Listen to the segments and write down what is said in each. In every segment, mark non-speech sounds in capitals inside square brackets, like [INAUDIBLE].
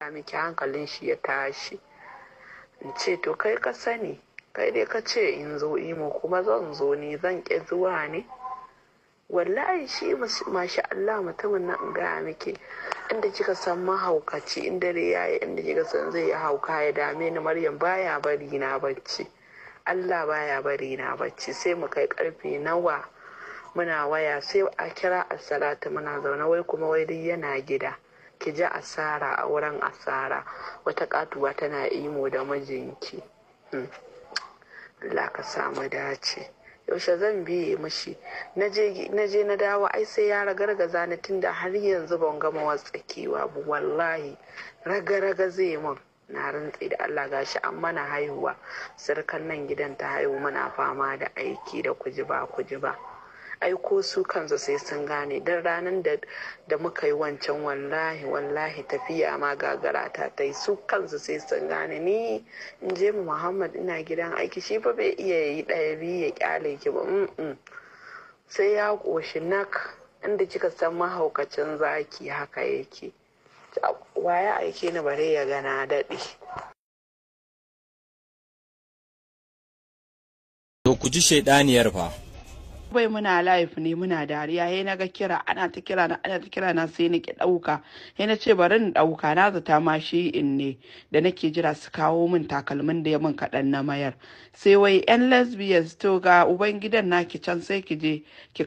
ya miki hankalin shi ya tashi in ce to kai ka sani kai dai ka ce in zo imo kuma zan zo ne zan ƙi zuwa ne wallahi shi mashi Allah mutumin nan in gaya miki inda kika san mahaukaci inda ya yi inda kika san zai yi hauka ya dame ni Maryam baya bari na bacci Allah baya bari na bacci sai mu kai karfe nawa muna waya sai a kira a salatu muna zaune wai kuma wai duk yana gida ki ji asara a wurin asara wata katuwa tana imo da mijinki hmm. Allah ka samu dace yaushe zan biye mashi na je na dawo ai sai ya ragargaza ni tunda har yanzu ban gama watsakewa ba wallahi raga-raga zai mun na rantse da Allah gashi an mana haihuwa sirkan nan gidan ta haihu mana fama da aiki da kujiba-kujiba. aiko su kansu sai sun gane don ranar da muka yi wancan wallahi wallahi tafiya ma gagara ta ta yi su kansu sai sun gane ni in je mu muhammad ina gidan aiki shi ba bai iya yi ɗaya biyu ya kyale ki ba sai ya ƙoshi nak inda kika san mahaukacin zaki haka yake waya aike ni bare ya gana daɗe to ku ji shaidaniyar fa kawai muna live ne muna dariya ya na ga kira ana ta kira na ana ta kira na sai na ki dauka ya na ce bari in dauka na zata ma shi in ne da nake jira su kawo min takalmin da ya min kaɗan na mayar sai wai yan lesbians to ga uban gidan naki can sai ki je ki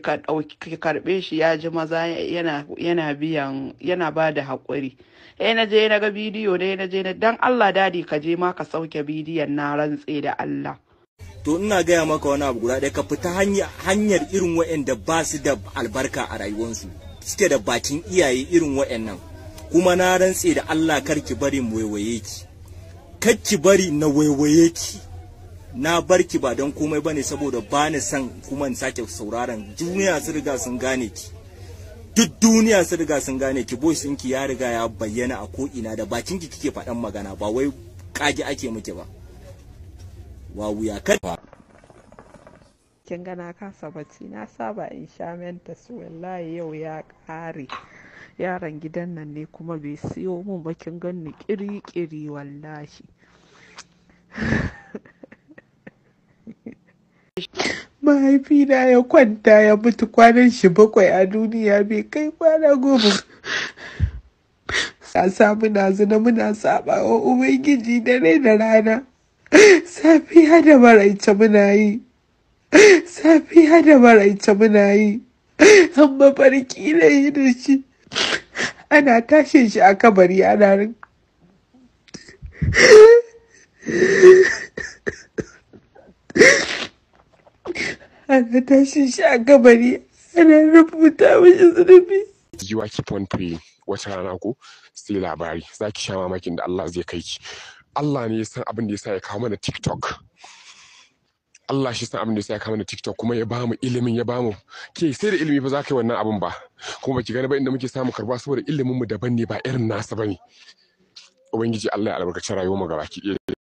karbe shi ya ji maza yana yana biyan yana ba da hakuri ya na je na ga bidiyo ne na je na dan Allah dadi ka je ma ka sauke bidiyon na rantse da Allah to ina gaya maka wani abu guda ɗaya ka fita hanyar irin da ba su da albarka a rayuwarsu suke da bakin iyaye irin nan kuma na rantse da Allah kar ki bari mu waiwaye ki kar ki bari na waiwaye ki na bar ki ba don komai bane saboda ba ni son kuma in sake sauraron duniya sun riga sun gane ki duk duniya sun riga sun gane ki boys ɗinki ya riga ya bayyana a ko ina da bakin ki kike faɗan magana ba wai kage ake miki ba wa wuya karfa kin gana kasa bacci na saba in sha menta su wallahi yau ya ƙare. yaran gidan nan ne kuma bai siyo mun ba kin ganni kiri-kiri wallahi [LAUGHS] mahaifina ya kwanta ya mutu kwanan shi bakwai a duniya bai kai kwana goma sa muna zina muna saba wa ubangiji dare da rana safiya da maraice muna yi safiya da maraice muna yi an mafarki na yi da shi ana tashin shi a kabari ana rin ana tashin shi a kabari ana rubuta mashi zurfi jiwa keep on wata rana ko sai labari Za ki sha mamakin da Allah zai kai ki Allah ne ya san abin da ya sa ya kawo mana TikTok. Allah shi san abin da ya sa ya kawo mana TikTok kuma ya bamu ilimin ya bamu ke sai da ilimi fa za ka yi wannan abin ba kuma baki gani ba inda muke samu karba saboda ilimin mu daban ne ba irin nasa bane. Ubangiji Allah ya albarkaci rayuwar mu gabaki ɗaya.